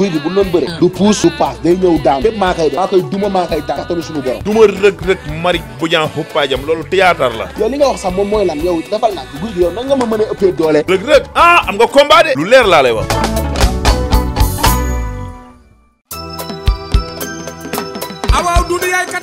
guy gi bu doon bëre ah. du puus du paas day ñëw daan lépp maa koy def duma maa koy daan kattanu suñu duma rëg-rëg mari bu ñaa xuppaajam loolu théâtre la yow li nga wax sax moom mooy lan yow dafal naa guy gi yow nan nga ma a ëppee doole rëg-rëg ah am nga combat de lu leer laa lay wax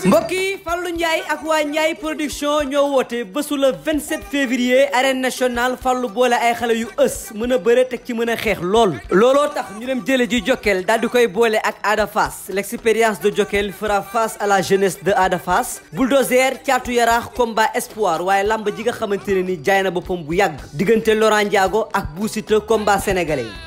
mbokk yi Fallou Ndiaye ak waa Ndiaye production ñoo woote bésu le 27 février arène nationale Fallou boole ay xale yu ës mën a bëre teg ci mën a xeex lool. looloo tax ñu dem jële ji Jokal daal di koy boole ak Ada Fass expérience de Jokal fera face à la jeunesse de Ada Fass bulldozer caatu yaraax combat espoir waaye lamb ji nga xamante ne ni jaay na boppam bu yàgg diggante Laurent Ndiago ak Bou Siteu combat sénégalais yi.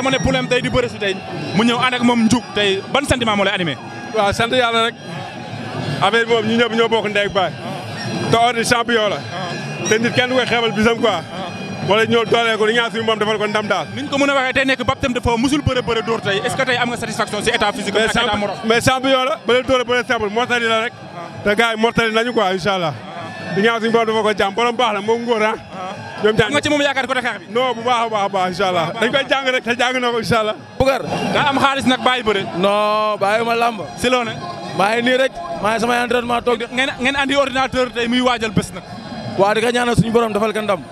wala mu ne problème tey di bëri si mu ñëw ànd moom njug tey ban sentiment moo lay animé. waaw sant yàlla rek affaire moom ñu ñëpp ñoo bokk baay te Ordi champion la te nit kenn du koy xeebal bisam quoi wala ko li moom defal ko ndam daal niñ ko mën a waxee tey nekk baptême dafa musul bëre bëre tey est tey am nga satisfaction si état physique ak état moral mais champion la bëre la rek te gars yi mortali nañu quoi incha allah li ñaan ñoom ñaar nga ci moom yaakaar ko Dakar bi. non bu baax a baax a baax incha allah dañ rek te jàng na ko incha allah. Bougar daa am xaalis nag bàyyi bëre. non bàyyi ma làmb. si loo maa ngi nii rek sa ngi samay entraînement toog de. ngeen ngeen andi ordinateur tey muy waajal bés nag. waaw di ko ñaanal suñu borom defal ko ndam.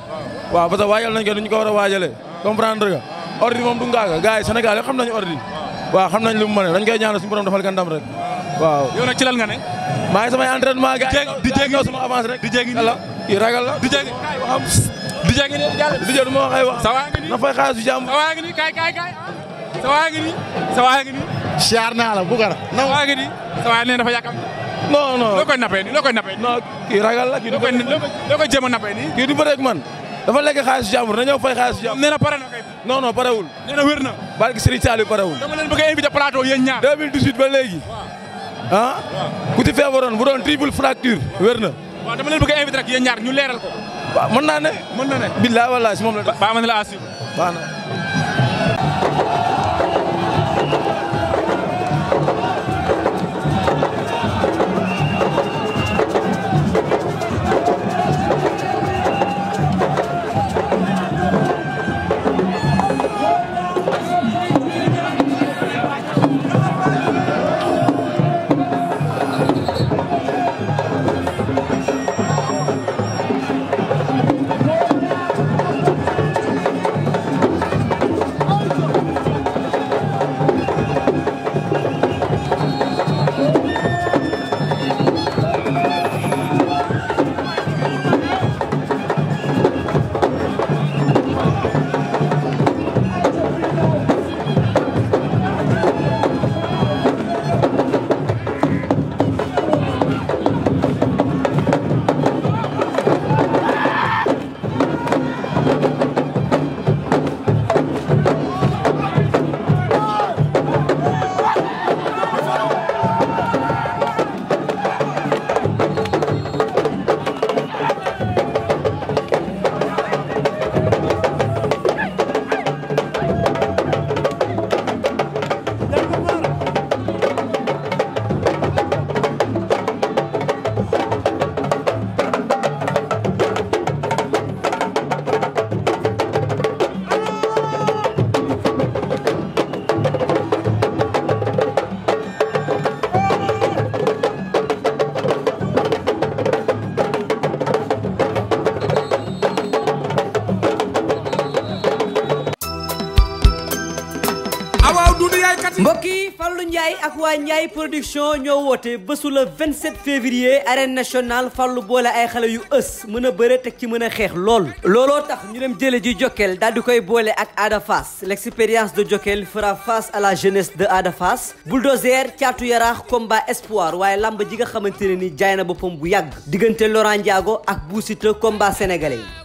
waaw parce que waajal nañ ko ni ñu ko war a waajalee. comprendre nga ordi moom du ngaaga gars yi Sénégal yëpp xam nañu ordi. waaw xam nañ lu mu mën dañ koy ñaanal suñu borom defal ko ndam rek. waaw yow nag ci ne. maa ngi samay la DJ ngi nii jàll. DJ du ma wax ay wax. sa waa ngi nii na fay xaalis jàmm. sa waa ngi nii kaay kaay kaay. sa waa ngi nii. sa waa ngi nii. siyaar naa la bu gar. na waa ngi nii. sa waa nee dafa yàkkam. non non loo koy nappee nii loo koy nappee. non kii ragal la kii du ko loo koy jéem a nappee nii. kii du bëreeg man. dafa lekk xaalis jàmbur na ñëw fay xaalis jàmbur. nee na pare na kay. non non parewul. nee na wér na. barke Serigne Saliou parewul. dama leen bëgg a invité plateau yéen ñaar. 2018 ba léegi. ah. ku ci feebaroon bu doon triple fracture wér na. waaw dama leen bëgg a invité rek yéen ñaar ñu leeral ko. waaw mën naa ne. mën na ne. billaay wallaay si moom la. baax na la à suivre. baax na. Ndiaye production ñoo woote bésu le 27 février arène nationale fàllu boole ay xale yu ës mën a bëre teg ci mën a xeex lool. looloo tax ñu dem jële ji Jokal daal di koy boole ak Ada Fass l'expérience de Jokal fera face à la jeunesse de Ada Fass bulldozer caatu yaraax combat espoir waaye lamb ji nga xamante ne ni jaay na boppam bu yàgg diggante Laurent njaago ak Bou Siteu combat sénégalais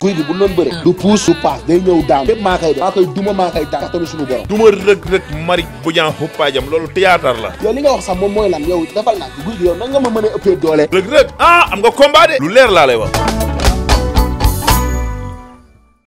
guy gi bu doon bëre ah. du puus du paas day ñëw daan lépp maa koy duma maa koy daan kattanu suñu duma rëg rëg mari bu jaan xuppaajam loolu théâtre la yow li nga wax sax moom mooy lan yow defal naa guy gi yow nan nga ma mën a doole rëg rëg ah am nga combat lu leer laa lay wax